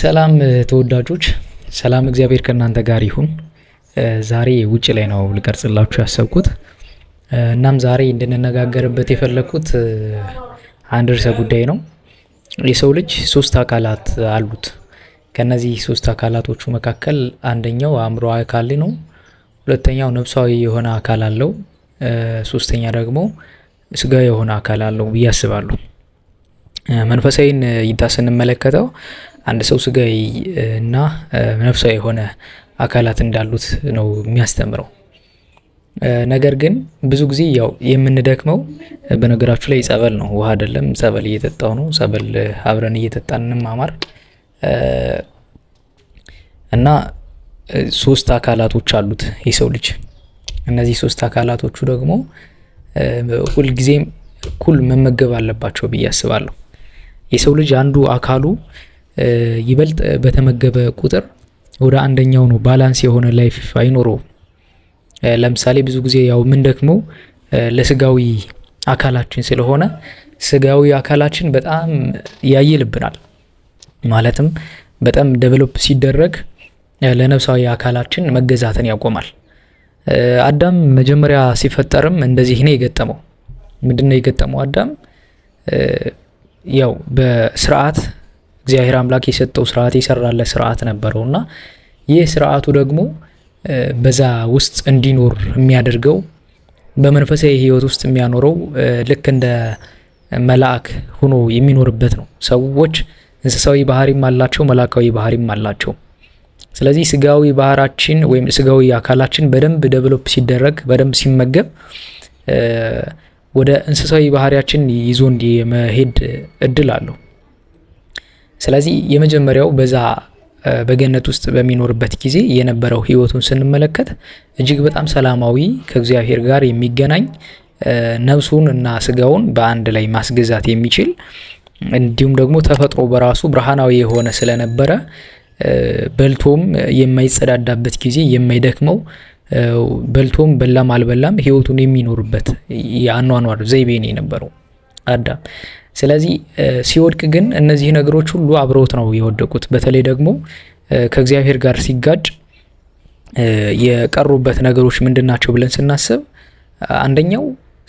ሰላም ተወዳጆች፣ ሰላም እግዚአብሔር ከእናንተ ጋር ይሁን። ዛሬ ውጭ ላይ ነው ልቀርጽላችሁ ያሰብኩት። እናም ዛሬ እንድንነጋገርበት የፈለግኩት አንድ ርዕሰ ጉዳይ ነው። የሰው ልጅ ሶስት አካላት አሉት። ከነዚህ ሶስት አካላቶቹ መካከል አንደኛው አእምሮ አካል ነው። ሁለተኛው ነፍሳዊ የሆነ አካል አለው። ሶስተኛ ደግሞ ስጋ የሆነ አካል አለው ብዬ አስባለሁ። መንፈሳዊን እይታ ስንመለከተው አንድ ሰው ስጋዊ እና ነፍሳዊ የሆነ አካላት እንዳሉት ነው የሚያስተምረው። ነገር ግን ብዙ ጊዜ ያው የምንደክመው በነገራችሁ ላይ ጸበል ነው፣ ውሃ አይደለም። ጸበል እየጠጣው ነው። ጸበል አብረን እየጠጣን እንማማር እና ሶስት አካላቶች አሉት የሰው ልጅ። እነዚህ ሶስት አካላቶቹ ደግሞ ሁልጊዜም እኩል መመገብ አለባቸው ብዬ አስባለሁ። የሰው ልጅ አንዱ አካሉ ይበልጥ በተመገበ ቁጥር ወደ አንደኛው ነው ባላንስ የሆነ ላይፍ አይኖረውም። ለምሳሌ ብዙ ጊዜ ያው ደክሞ ለስጋዊ አካላችን ስለሆነ ስጋዊ አካላችን በጣም ያይልብናል። ማለትም በጣም ደቨሎፕ ሲደረግ ለነፍሳዊ አካላችን መገዛትን ያቆማል። አዳም መጀመሪያ ሲፈጠርም እንደዚህ ነው የገጠመው። ምንድነው የገጠመው? አዳም ያው በስርዓት እግዚአብሔር አምላክ የሰጠው ስርዓት የሰራለ ስርዓት ነበረው እና ይህ ስርዓቱ ደግሞ በዛ ውስጥ እንዲኖር የሚያደርገው በመንፈሳዊ ህይወት ውስጥ የሚያኖረው ልክ እንደ መልአክ ሆኖ የሚኖርበት ነው። ሰዎች እንስሳዊ ባህሪም አላቸው፣ መላካዊ ባህሪም አላቸው። ስለዚህ ስጋዊ ባህራችን ወይም ስጋዊ አካላችን በደንብ ደቨሎፕ ሲደረግ በደንብ ሲመገብ ወደ እንስሳዊ ባህሪያችን ይዞ የመሄድ እድል አለው። ስለዚህ የመጀመሪያው በዛ በገነት ውስጥ በሚኖርበት ጊዜ የነበረው ህይወቱን ስንመለከት እጅግ በጣም ሰላማዊ ከእግዚአብሔር ጋር የሚገናኝ ነፍሱን እና ስጋውን በአንድ ላይ ማስገዛት የሚችል እንዲሁም ደግሞ ተፈጥሮ በራሱ ብርሃናዊ የሆነ ስለነበረ በልቶም የማይጸዳዳበት ጊዜ የማይደክመው በልቶም በላም አልበላም ህይወቱን የሚኖርበት የአኗኗር ዘይቤ የነበረው አዳም። ስለዚህ ሲወድቅ ግን እነዚህ ነገሮች ሁሉ አብረውት ነው የወደቁት። በተለይ ደግሞ ከእግዚአብሔር ጋር ሲጋጭ የቀሩበት ነገሮች ምንድን ናቸው ብለን ስናስብ አንደኛው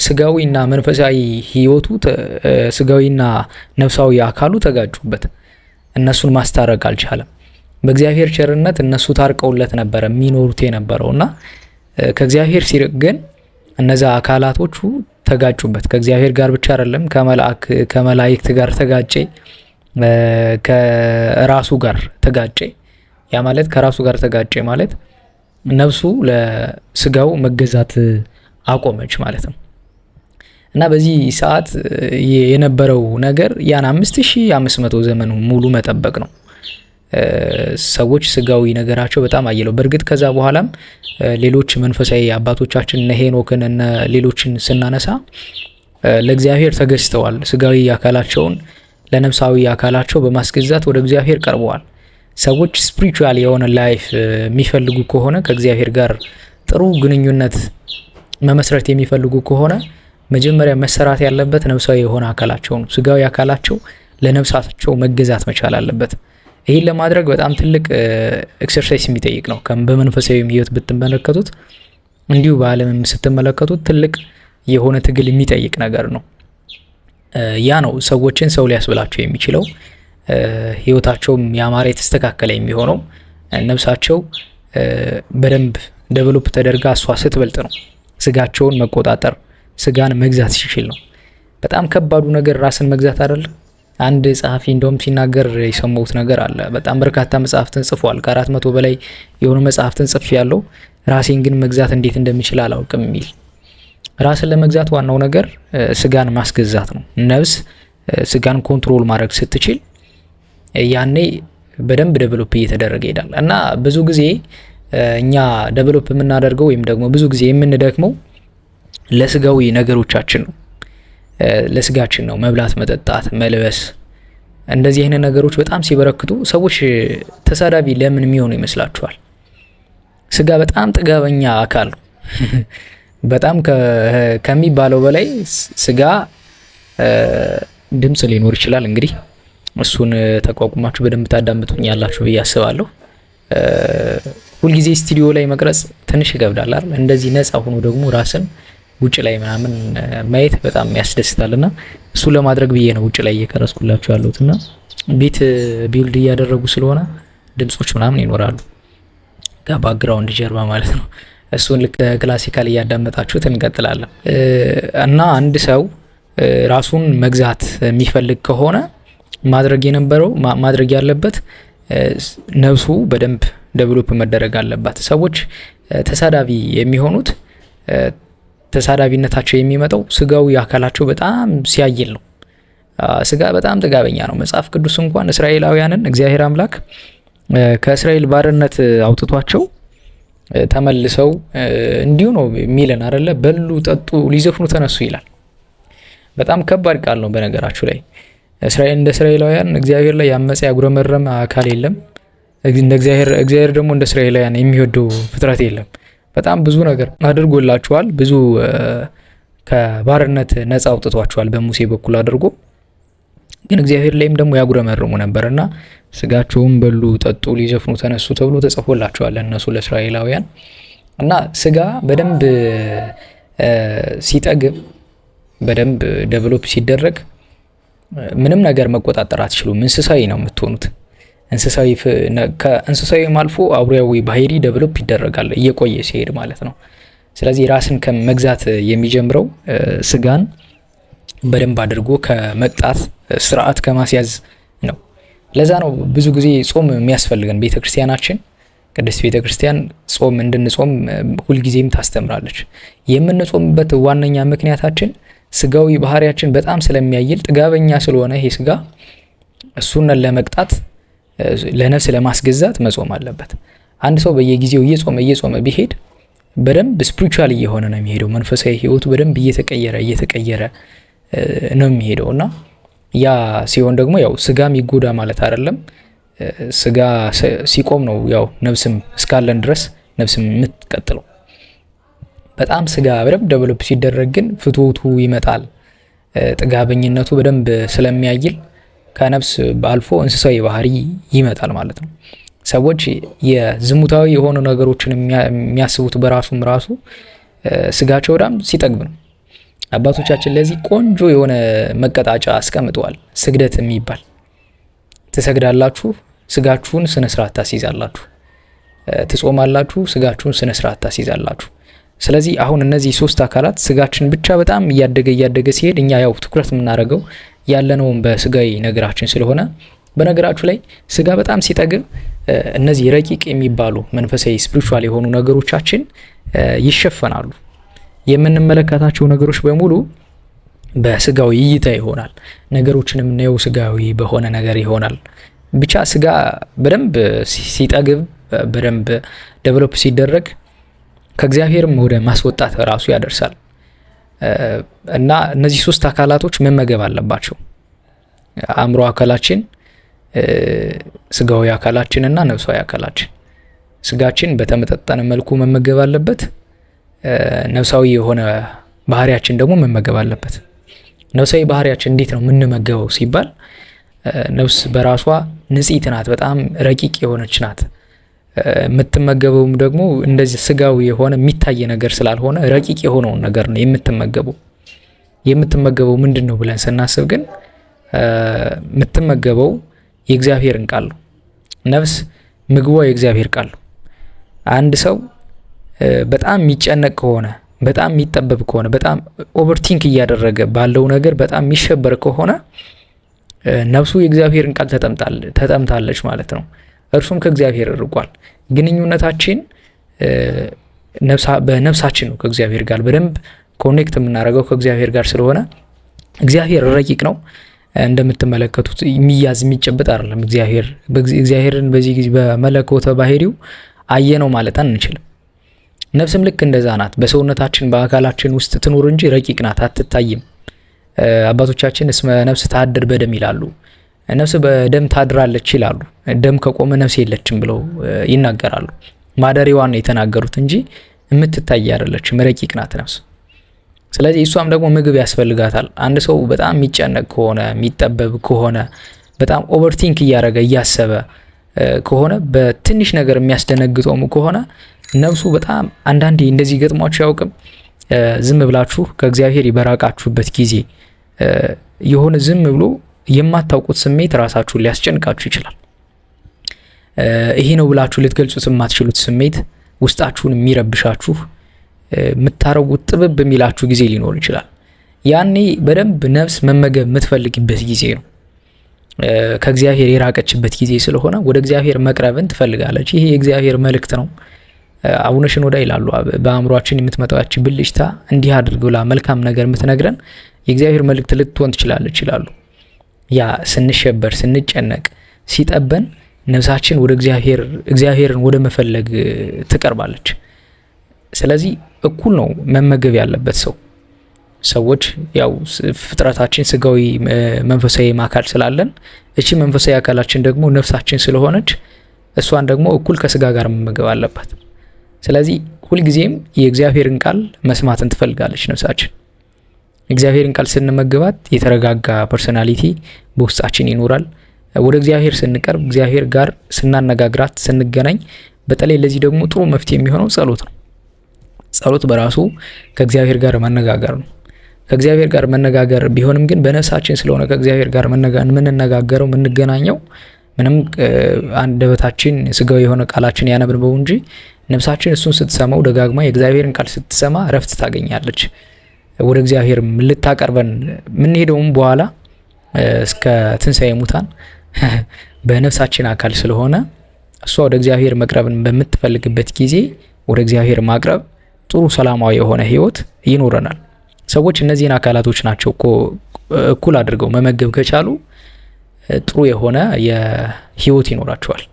ስጋዊና መንፈሳዊ ህይወቱ ስጋዊና ነፍሳዊ አካሉ ተጋጩበት። እነሱን ማስታረቅ አልቻለም። በእግዚአብሔር ቸርነት እነሱ ታርቀውለት ነበረ የሚኖሩት እና ከእግዚአብሔር ሲርቅ ግን እነዚ አካላቶቹ ተጋጩበት። ከእግዚአብሔር ጋር ብቻ አይደለም ከመላእክ ከመላእክት ጋር ተጋጨ፣ ከራሱ ጋር ተጋጨ። ያ ማለት ከራሱ ጋር ተጋጨ ማለት ነፍሱ ለስጋው መገዛት አቆመች ማለት ነው። እና በዚህ ሰዓት የነበረው ነገር ያን 5500 ዘመን ሙሉ መጠበቅ ነው። ሰዎች ስጋዊ ነገራቸው በጣም አየለው። በእርግጥ ከዛ በኋላም ሌሎች መንፈሳዊ አባቶቻችን እነ ሄኖክን እነ ሌሎችን ስናነሳ ለእግዚአብሔር ተገዝተዋል። ስጋዊ አካላቸውን ለነፍሳዊ አካላቸው በማስገዛት ወደ እግዚአብሔር ቀርበዋል። ሰዎች ስፒሪቹዋል የሆነ ላይፍ የሚፈልጉ ከሆነ ከእግዚአብሔር ጋር ጥሩ ግንኙነት መመስረት የሚፈልጉ ከሆነ መጀመሪያ መሰራት ያለበት ነፍሳዊ የሆነ አካላቸው ነው። ስጋዊ አካላቸው ለነፍሳቸው መገዛት መቻል አለበት። ይህን ለማድረግ በጣም ትልቅ ኤክሰርሳይስ የሚጠይቅ ነው። በመንፈሳዊ ህይወት ብትመለከቱት እንዲሁ በዓለምም ስትመለከቱት ትልቅ የሆነ ትግል የሚጠይቅ ነገር ነው። ያ ነው ሰዎችን ሰው ሊያስብላቸው የሚችለው ህይወታቸውም ያማረ የተስተካከለ የሚሆነው ነፍሳቸው በደንብ ደቨሎፕ ተደርጋ እሷ ስትበልጥ ነው። ስጋቸውን መቆጣጠር ስጋን መግዛት ሲችል ነው። በጣም ከባዱ ነገር ራስን መግዛት አይደለም። አንድ ጸሐፊ እንደውም ሲናገር የሰማሁት ነገር አለ። በጣም በርካታ መጽሐፍትን ጽፏል። ከአራት መቶ በላይ የሆኑ መጽሐፍትን ጽፍ ያለው ራሴን ግን መግዛት እንዴት እንደምችል አላውቅም የሚል ራስን ለመግዛት ዋናው ነገር ስጋን ማስገዛት ነው። ነብስ ስጋን ኮንትሮል ማድረግ ስትችል ያኔ በደንብ ደቨሎፕ እየተደረገ ይሄዳል እና ብዙ ጊዜ እኛ ደቨሎፕ የምናደርገው ወይም ደግሞ ብዙ ጊዜ የምንደክመው ለስጋዊ ነገሮቻችን ነው። ለስጋችን ነው መብላት፣ መጠጣት፣ መልበስ እንደዚህ አይነት ነገሮች በጣም ሲበረክቱ ሰዎች ተሳዳቢ ለምን የሚሆኑ ይመስላችኋል? ስጋ በጣም ጥጋበኛ አካል ነው። በጣም ከሚባለው በላይ ስጋ ድምፅ ሊኖር ይችላል። እንግዲህ እሱን ተቋቁማችሁ በደንብ ታዳምጡኝ ያላችሁ ብዬ አስባለሁ። ሁልጊዜ ስቱዲዮ ላይ መቅረጽ ትንሽ ይገብዳል አይደል? እንደዚህ ነፃ ሆኖ ደግሞ ራስን ውጭ ላይ ምናምን ማየት በጣም ያስደስታል እና እሱ ለማድረግ ብዬ ነው ውጭ ላይ እየቀረጽኩላችሁ ያለሁት እና ቤት ቢውልድ እያደረጉ ስለሆነ ድምጾች ምናምን ይኖራሉ ከባክግራውንድ ጀርባ ማለት ነው። እሱን ልክ ክላሲካል እያዳመጣችሁት እንቀጥላለን እና አንድ ሰው ራሱን መግዛት የሚፈልግ ከሆነ ማድረግ የነበረው ማድረግ ያለበት ነብሱ በደንብ ደብሎፕ መደረግ አለባት። ሰዎች ተሳዳቢ የሚሆኑት ተሳዳቢነታቸው የሚመጣው ስጋዊ አካላቸው በጣም ሲያይል ነው። ስጋ በጣም ጥጋበኛ ነው። መጽሐፍ ቅዱስ እንኳን እስራኤላውያንን እግዚአብሔር አምላክ ከእስራኤል ባርነት አውጥቷቸው ተመልሰው እንዲሁ ነው የሚለን አደለ? በሉ ጠጡ፣ ሊዘፍኑ ተነሱ ይላል። በጣም ከባድ ቃል ነው በነገራችሁ ላይ እስራኤል እንደ እስራኤላውያን እግዚአብሔር ላይ ያመፀ ያጉረመረመ አካል የለም። እንደ እግዚአብሔር ደግሞ እንደ እስራኤላውያን የሚወደው ፍጥረት የለም። በጣም ብዙ ነገር አድርጎላችኋል። ብዙ ከባርነት ነጻ አውጥቷችኋል በሙሴ በኩል አድርጎ። ግን እግዚአብሔር ላይም ደግሞ ያጉረመርሙ ነበር እና ስጋቸውን በሉ፣ ጠጡ፣ ሊዘፍኑ ተነሱ ተብሎ ተጽፎላቸዋል እነሱ ለእስራኤላውያን እና ስጋ በደንብ ሲጠግብ በደንብ ደቨሎፕ ሲደረግ ምንም ነገር መቆጣጠር አትችሉም። እንስሳዊ ነው የምትሆኑት። ከእንስሳዊም አልፎ አውሬያዊ ባህሪ ደብሎፕ ይደረጋል እየቆየ ሲሄድ ማለት ነው። ስለዚህ ራስን ከመግዛት የሚጀምረው ስጋን በደንብ አድርጎ ከመቅጣት ስርዓት ከማስያዝ ነው። ለዛ ነው ብዙ ጊዜ ጾም የሚያስፈልገን። ቤተክርስቲያናችን ቅድስት ቤተክርስቲያን ጾም እንድንጾም ሁልጊዜም ታስተምራለች። የምንጾምበት ዋነኛ ምክንያታችን ስጋዊ ባህሪያችን በጣም ስለሚያይል ጥጋበኛ ስለሆነ ይሄ ስጋ እሱን ለመቅጣት ለነፍስ ለማስገዛት መጾም አለበት። አንድ ሰው በየጊዜው እየጾመ እየጾመ ቢሄድ በደንብ ስፕሪቹዋል እየሆነ ነው የሚሄደው። መንፈሳዊ ህይወቱ በደንብ እየተቀየረ እየተቀየረ ነው የሚሄደው እና ያ ሲሆን ደግሞ ያው ስጋም ይጎዳ ማለት አይደለም። ስጋ ሲቆም ነው ያው ነፍስም እስካለን ድረስ ነፍስም የምትቀጥለው። በጣም ስጋ በደንብ ደቨሎፕ ሲደረግ ግን ፍትወቱ ይመጣል። ጥጋበኝነቱ በደንብ ስለሚያይል ከነፍስ አልፎ እንስሳዊ ባህሪ ይመጣል ማለት ነው። ሰዎች የዝሙታዊ የሆኑ ነገሮችን የሚያስቡት በራሱም ራሱ ስጋቸው በጣም ሲጠግብ ነው። አባቶቻችን ለዚህ ቆንጆ የሆነ መቀጣጫ አስቀምጠዋል። ስግደት የሚባል ትሰግዳላችሁ፣ ስጋችሁን ስነስርዓት ታስይዛላችሁ። ትጾማላችሁ፣ ስጋችሁን ስነስርዓት ታስይዛላችሁ። ስለዚህ አሁን እነዚህ ሶስት አካላት ስጋችን ብቻ በጣም እያደገ እያደገ ሲሄድ እኛ ያው ትኩረት የምናደርገው ያለነውም በስጋዊ ነገራችን ስለሆነ በነገራችሁ ላይ ስጋ በጣም ሲጠግብ እነዚህ ረቂቅ የሚባሉ መንፈሳዊ ስፕሪቹዋል የሆኑ ነገሮቻችን ይሸፈናሉ። የምንመለከታቸው ነገሮች በሙሉ በስጋዊ እይታ ይሆናል። ነገሮችን የምናየው ስጋዊ በሆነ ነገር ይሆናል። ብቻ ስጋ በደንብ ሲጠግብ በደንብ ደቨሎፕ ሲደረግ ከእግዚአብሔርም ወደ ማስወጣት ራሱ ያደርሳል። እና እነዚህ ሶስት አካላቶች መመገብ አለባቸው። አእምሮ አካላችን፣ ስጋዊ አካላችን እና ነፍሳዊ አካላችን። ስጋችን በተመጣጠነ መልኩ መመገብ አለበት። ነፍሳዊ የሆነ ባህሪያችን ደግሞ መመገብ አለበት። ነፍሳዊ ባህሪያችን እንዴት ነው የምንመገበው ሲባል ነፍስ በራሷ ንጽሕት ናት። በጣም ረቂቅ የሆነች ናት። የምትመገበውም ደግሞ እንደዚህ ስጋዊ የሆነ የሚታይ ነገር ስላልሆነ ረቂቅ የሆነውን ነገር ነው የምትመገበው። የምትመገበው ምንድን ነው ብለን ስናስብ ግን የምትመገበው የእግዚአብሔርን ቃል ነው። ነፍስ ምግቧ የእግዚአብሔር ቃል ነው። አንድ ሰው በጣም የሚጨነቅ ከሆነ፣ በጣም የሚጠበብ ከሆነ፣ በጣም ኦቨርቲንክ እያደረገ ባለው ነገር በጣም የሚሸበር ከሆነ ነፍሱ የእግዚአብሔርን ቃል ተጠምታለች ማለት ነው። እርሱም ከእግዚአብሔር ርቋል። ግንኙነታችን በነፍሳችን ነው ከእግዚአብሔር ጋር በደንብ ኮኔክት የምናደርገው ከእግዚአብሔር ጋር ስለሆነ እግዚአብሔር ረቂቅ ነው። እንደምትመለከቱት የሚያዝ የሚጨበጥ አይደለም። እግዚአብሔር እግዚአብሔርን በዚህ ጊዜ በመለኮተ ባህሪው አየነው ማለት አንችልም። ነፍስም ልክ እንደዛ ናት። በሰውነታችን በአካላችን ውስጥ ትኑር እንጂ ረቂቅ ናት፣ አትታይም። አባቶቻችን እስመ ነፍስ ታድር በደም ይላሉ። ነፍስ በደም ታድራለች ይላሉ። ደም ከቆመ ነፍስ የለችም ብለው ይናገራሉ። ማደሪዋን የተናገሩት እንጂ የምትታይ አይደለችም፣ ረቂቅ ናት ነፍስ። ስለዚህ እሷም ደግሞ ምግብ ያስፈልጋታል። አንድ ሰው በጣም የሚጨነቅ ከሆነ የሚጠበብ ከሆነ በጣም ኦቨርቲንክ እያደረገ እያሰበ ከሆነ በትንሽ ነገር የሚያስደነግጠውም ከሆነ ነፍሱ በጣም አንዳንዴ እንደዚህ ገጥሟችሁ ያውቅም? ዝም ብላችሁ ከእግዚአብሔር የበራቃችሁበት ጊዜ የሆነ ዝም ብሎ የማታውቁት ስሜት ራሳችሁን ሊያስጨንቃችሁ ይችላል። ይሄ ነው ብላችሁ ልትገልጹት የማትችሉት ስሜት ውስጣችሁን የሚረብሻችሁ የምታረጉት ጥብብ የሚላችሁ ጊዜ ሊኖር ይችላል። ያኔ በደንብ ነፍስ መመገብ የምትፈልግበት ጊዜ ነው። ከእግዚአብሔር የራቀችበት ጊዜ ስለሆነ ወደ እግዚአብሔር መቅረብን ትፈልጋለች። ይሄ የእግዚአብሔር መልእክት ነው። አቡነ ሽኖዳ ይላሉ በአእምሯችን የምትመጣች ብልጭታ እንዲህ አድርግ ብላ መልካም ነገር የምትነግረን የእግዚአብሔር መልእክት ልትሆን ትችላለች ይላሉ። ያ ስንሸበር ስንጨነቅ ሲጠበን ነፍሳችን ወደ እግዚአብሔር እግዚአብሔርን ወደ መፈለግ ትቀርባለች። ስለዚህ እኩል ነው መመገብ ያለበት ሰው ሰዎች ያው ፍጥረታችን ስጋዊ መንፈሳዊ አካል ስላለን እቺ መንፈሳዊ አካላችን ደግሞ ነፍሳችን ስለሆነች እሷን ደግሞ እኩል ከስጋ ጋር መመገብ አለባት። ስለዚህ ሁልጊዜም የእግዚአብሔርን ቃል መስማትን ትፈልጋለች ነፍሳችን። እግዚአብሔርን ቃል ስንመግባት የተረጋጋ ፐርሶናሊቲ በውስጣችን ይኖራል። ወደ እግዚአብሔር ስንቀርብ፣ እግዚአብሔር ጋር ስናነጋግራት፣ ስንገናኝ፣ በተለይ ለዚህ ደግሞ ጥሩ መፍትሄ የሚሆነው ጸሎት ነው። ጸሎት በራሱ ከእግዚአብሔር ጋር መነጋገር ነው። ከእግዚአብሔር ጋር መነጋገር ቢሆንም ግን በነፍሳችን ስለሆነ ከእግዚአብሔር ጋር የምንነጋገረው የምንገናኘው ምንም አንደበታችን ስጋዊ የሆነ ቃላችን ያነብንበው እንጂ ነፍሳችን እሱን ስትሰማው ደጋግማ የእግዚአብሔርን ቃል ስትሰማ እረፍት ታገኛለች። ወደ እግዚአብሔር ልታቀርበን የምንሄደውም በኋላ እስከ ትንሣኤ ሙታን በነፍሳችን አካል ስለሆነ እሷ ወደ እግዚአብሔር መቅረብን በምትፈልግበት ጊዜ ወደ እግዚአብሔር ማቅረብ ጥሩ ሰላማዊ የሆነ ህይወት ይኖረናል። ሰዎች እነዚህን አካላቶች ናቸው እኮ እኩል አድርገው መመገብ ከቻሉ ጥሩ የሆነ የህይወት ይኖራቸዋል።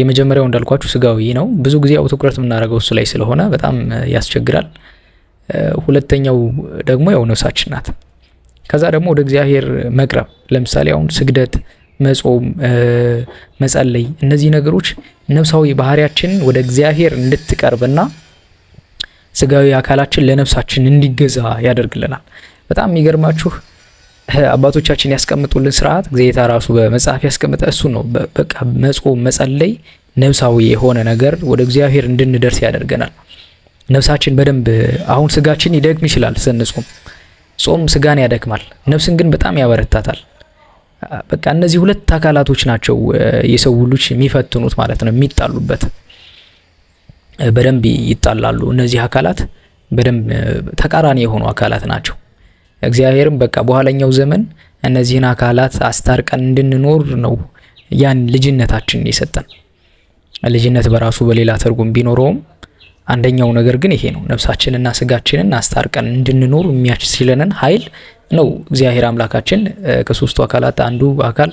የመጀመሪያው እንዳልኳችሁ ስጋዊ ነው። ብዙ ጊዜ ያው ትኩረት የምናደርገው እሱ ላይ ስለሆነ በጣም ያስቸግራል። ሁለተኛው ደግሞ ያው ነፍሳችን ናት። ከዛ ደግሞ ወደ እግዚአብሔር መቅረብ ለምሳሌ አሁን ስግደት፣ መጾም፣ መጸለይ እነዚህ ነገሮች ነፍሳዊ ባህሪያችንን ወደ እግዚአብሔር እንድትቀርብና ስጋዊ አካላችን ለነፍሳችን እንዲገዛ ያደርግልናል። በጣም የሚገርማችሁ አባቶቻችን ያስቀምጡልን ስርዓት እግዚአብሔር ራሱ በመጽሐፍ ያስቀምጠ እሱ ነው። በቃ መጾም፣ መጸለይ ነፍሳዊ የሆነ ነገር ወደ እግዚአብሔር እንድንደርስ ያደርገናል። ነፍሳችን በደንብ አሁን ስጋችን ይደግም ይችላል ስንጾም ጾም ስጋን ያደክማል፣ ነፍስን ግን በጣም ያበረታታል። በቃ እነዚህ ሁለት አካላቶች ናቸው የሰው ልጅ የሚፈትኑት ማለት ነው፣ የሚጣሉበት በደንብ ይጣላሉ። እነዚህ አካላት በደንብ ተቃራኒ የሆኑ አካላት ናቸው። እግዚአብሔርም በቃ በኋለኛው ዘመን እነዚህን አካላት አስታርቀን እንድንኖር ነው ያን ልጅነታችን የሰጠን። ልጅነት በራሱ በሌላ ትርጉም ቢኖረውም አንደኛው ነገር ግን ይሄ ነው። ነፍሳችንና ስጋችንን አስታርቀን እንድንኖር የሚያስችለንን ኃይል ነው እግዚአብሔር አምላካችን ከሶስቱ አካላት አንዱ አካል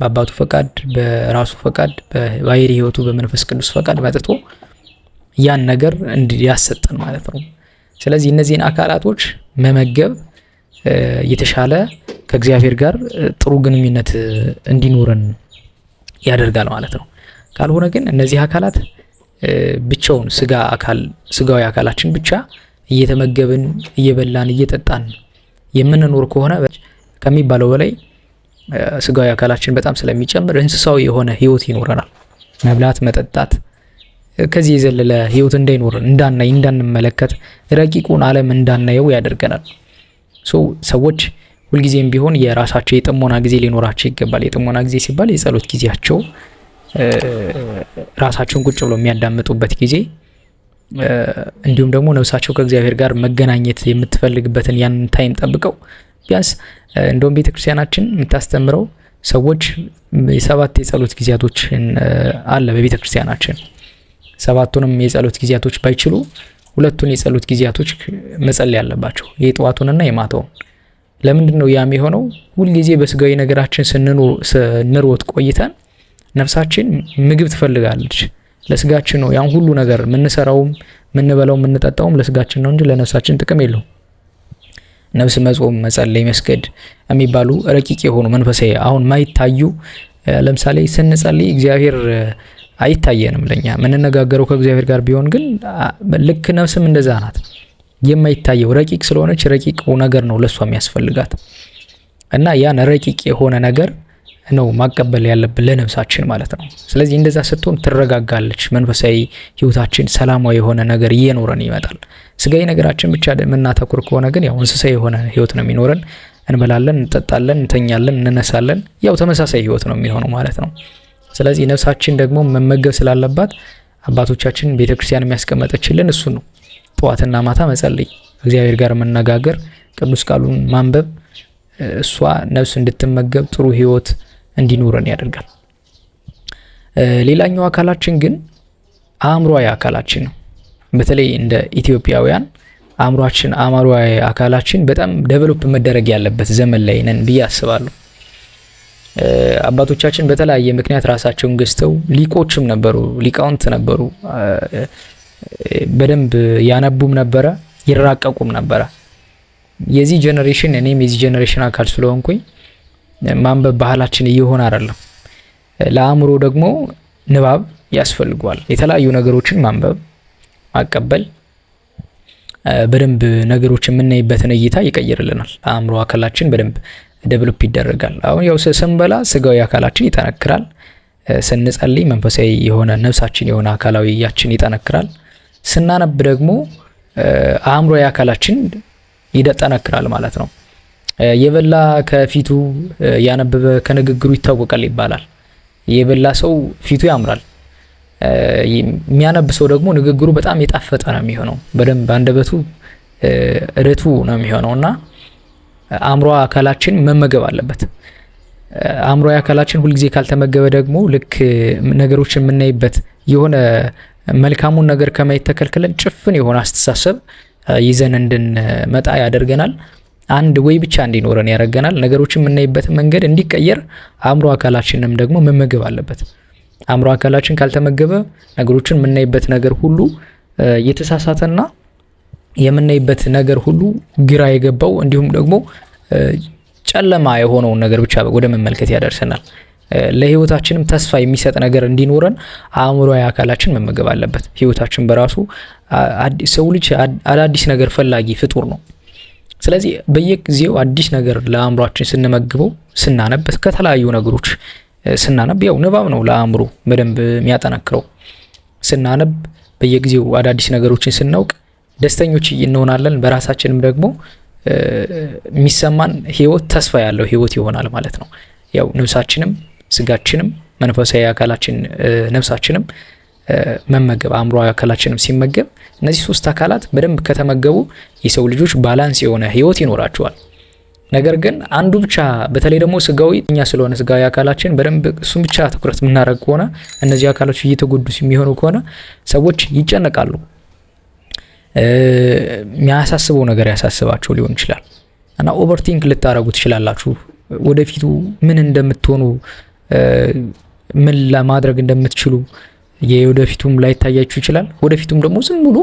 በአባቱ ፈቃድ፣ በራሱ ፈቃድ፣ በባህሪ ሕይወቱ በመንፈስ ቅዱስ ፈቃድ መጥቶ ያን ነገር እንዲያሰጠን ማለት ነው። ስለዚህ እነዚህን አካላቶች መመገብ የተሻለ ከእግዚአብሔር ጋር ጥሩ ግንኙነት እንዲኖረን ያደርጋል ማለት ነው። ካልሆነ ግን እነዚህ አካላት ብቻውን ስጋ አካል ስጋዊ አካላችን ብቻ እየተመገብን እየበላን እየጠጣን የምንኖር ከሆነ ከሚባለው በላይ ስጋዊ አካላችን በጣም ስለሚጨምር እንስሳዊ የሆነ ህይወት ይኖረናል። መብላት፣ መጠጣት ከዚህ የዘለለ ህይወት እንዳይኖረን እንዳናይ፣ እንዳንመለከት ረቂቁን ዓለም እንዳናየው ያደርገናል። ሰዎች ሁልጊዜም ቢሆን የራሳቸው የጥሞና ጊዜ ሊኖራቸው ይገባል። የጥሞና ጊዜ ሲባል የጸሎት ጊዜያቸው ራሳቸውን ቁጭ ብለው የሚያዳምጡበት ጊዜ እንዲሁም ደግሞ ነብሳቸው ከእግዚአብሔር ጋር መገናኘት የምትፈልግበትን ያንን ታይም ጠብቀው ቢያንስ እንደውም ቤተ ክርስቲያናችን የምታስተምረው ሰዎች የሰባት የጸሎት ጊዜያቶችን አለ በቤተ ክርስቲያናችን። ሰባቱንም የጸሎት ጊዜያቶች ባይችሉ ሁለቱን የጸሎት ጊዜያቶች መጸለይ አለባቸው፣ የጠዋቱንና የማታውን። ለምንድን ነው ያም የሆነው? ሁልጊዜ በስጋዊ ነገራችን ስንሮጥ ቆይተን ነፍሳችን ምግብ ትፈልጋለች። ለስጋችን ነው ያን ሁሉ ነገር የምንሰራውም የምንበላው የምንጠጣውም ለስጋችን ነው እንጂ ለነፍሳችን ጥቅም የለውም። ነፍስ መጾም፣ መጸለይ፣ መስገድ የሚባሉ ረቂቅ የሆኑ መንፈሳዊ አሁን ማይታዩ ለምሳሌ ስንጸልይ እግዚአብሔር አይታየንም። ለኛ የምንነጋገረው ከእግዚአብሔር ጋር ቢሆን ግን ልክ ነፍስም እንደዛ ናት። የማይታየው ረቂቅ ስለሆነች ረቂቁ ነገር ነው ለእሷ የሚያስፈልጋት እና ያን ረቂቅ የሆነ ነገር ነው ማቀበል ያለብን ለነፍሳችን ማለት ነው። ስለዚህ እንደዛ ስትሆን ትረጋጋለች። መንፈሳዊ ህይወታችን ሰላማዊ የሆነ ነገር እየኖረን ይመጣል። ስጋዊ ነገራችን ብቻ የምናተኩር ከሆነ ግን ያው እንስሳ የሆነ ህይወት ነው የሚኖረን። እንበላለን፣ እንጠጣለን፣ እንተኛለን፣ እንነሳለን። ያው ተመሳሳይ ህይወት ነው የሚሆነው ማለት ነው። ስለዚህ ነፍሳችን ደግሞ መመገብ ስላለባት አባቶቻችን ቤተክርስቲያን የሚያስቀመጠችልን እሱ ነው። ጠዋትና ማታ መጸለይ፣ እግዚአብሔር ጋር መነጋገር፣ ቅዱስ ቃሉን ማንበብ እሷ ነፍስ እንድትመገብ ጥሩ ህይወት እንዲኖረን ያደርጋል። ሌላኛው አካላችን ግን አእምሯዊ አካላችን ነው። በተለይ እንደ ኢትዮጵያውያን አእምሯችን አእምሯዊ አካላችን በጣም ደቨሎፕ መደረግ ያለበት ዘመን ላይ ነን ብዬ አስባለሁ። አባቶቻችን በተለያየ ምክንያት ራሳቸውን ገዝተው ሊቆችም ነበሩ፣ ሊቃውንት ነበሩ። በደንብ ያነቡም ነበረ፣ ይራቀቁም ነበረ። የዚህ ጄኔሬሽን እኔም የዚህ ጀኔሬሽን አካል ስለሆንኩኝ ማንበብ ባህላችን እየሆነ አይደለም። ለአእምሮ ደግሞ ንባብ ያስፈልጓል። የተለያዩ ነገሮችን ማንበብ፣ ማቀበል በደንብ ነገሮች የምናይበትን እይታ ይቀይርልናል። አእምሮ አካላችን በደንብ ደብሎፕ ይደረጋል። አሁን ያው ስንበላ ስጋዊ አካላችን ይጠነክራል። ስንጸልይ መንፈሳዊ የሆነ ነፍሳችን የሆነ እያችን ይጠነክራል። ስናነብ ደግሞ አእምሮዊ አካላችን ይጠነክራል ማለት ነው። የበላ ከፊቱ ያነበበ ከንግግሩ ይታወቃል ይባላል። የበላ ሰው ፊቱ ያምራል፣ የሚያነብ ሰው ደግሞ ንግግሩ በጣም የጣፈጠ ነው የሚሆነው። በደንብ አንደበቱ እርቱ ነው የሚሆነው እና አእምሮ አካላችን መመገብ አለበት። አእምሮ አካላችን ሁልጊዜ ካልተመገበ ደግሞ ልክ ነገሮችን የምናይበት የሆነ መልካሙን ነገር ከማየት ጭፍን የሆነ አስተሳሰብ ይዘን እንድንመጣ ያደርገናል። አንድ ወይ ብቻ እንዲኖረን ያደርገናል። ነገሮችን የምናይበት መንገድ እንዲቀየር አእምሮ አካላችንም ደግሞ መመገብ አለበት። አእምሮ አካላችን ካልተመገበ ነገሮችን የምናይበት ነገር ሁሉ የተሳሳተና የምናይበት ነገር ሁሉ ግራ የገባው እንዲሁም ደግሞ ጨለማ የሆነውን ነገር ብቻ ወደ መመልከት ያደርሰናል። ለህይወታችንም ተስፋ የሚሰጥ ነገር እንዲኖረን አእምሮዊ አካላችን መመገብ አለበት። ህይወታችን በራሱ ሰው ልጅ አዳዲስ ነገር ፈላጊ ፍጡር ነው። ስለዚህ በየጊዜው አዲስ ነገር ለአእምሯችን ስንመግበው ስናነብ ከተለያዩ ነገሮች ስናነብ ያው ንባብ ነው ለአእምሮ በደንብ የሚያጠናክረው። ስናነብ በየጊዜው አዳዲስ ነገሮችን ስናውቅ ደስተኞች እንሆናለን። በራሳችንም ደግሞ የሚሰማን ህይወት ተስፋ ያለው ህይወት ይሆናል ማለት ነው። ያው ነፍሳችንም ስጋችንም መንፈሳዊ አካላችን ነፍሳችንም መመገብ አእምሮ አካላችንም ሲመገብ እነዚህ ሶስት አካላት በደንብ ከተመገቡ የሰው ልጆች ባላንስ የሆነ ህይወት ይኖራቸዋል። ነገር ግን አንዱ ብቻ በተለይ ደግሞ ስጋዊ እኛ ስለሆነ ስጋዊ አካላችን በደንብ እሱም ብቻ ትኩረት የምናደርግ ከሆነ እነዚህ አካሎች እየተጎዱ የሚሆኑ ከሆነ ሰዎች ይጨነቃሉ። የሚያሳስበው ነገር ያሳስባቸው ሊሆን ይችላል እና ኦቨርቲንክ ልታደርጉ ትችላላችሁ። ወደፊቱ ምን እንደምትሆኑ ምን ለማድረግ እንደምትችሉ የወደፊቱም ላይታያችሁ ይችላል። ወደፊቱም ደግሞ ዝም ብሎ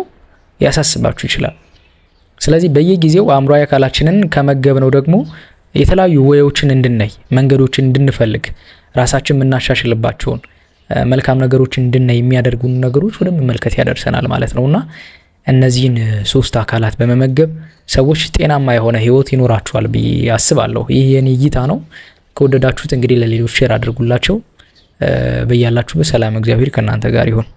ያሳስባችሁ ይችላል። ስለዚህ በየጊዜው አእምሯዊ አካላችንን ከመገብ ነው ደግሞ የተለያዩ ወዮችን እንድናይ መንገዶችን እንድንፈልግ ራሳችን የምናሻሽልባቸውን መልካም ነገሮችን እንድናይ የሚያደርጉን ነገሮች ወደ መመልከት ያደርሰናል ማለት ነውና እነዚህን ሶስት አካላት በመመገብ ሰዎች ጤናማ የሆነ ህይወት ይኖራቸዋል ብዬ አስባለሁ። ይህ የኔ እይታ ነው። ከወደዳችሁት እንግዲህ ለሌሎች ሼር አድርጉላቸው። በያላችሁበት ሰላም እግዚአብሔር ከእናንተ ጋር ይሁን።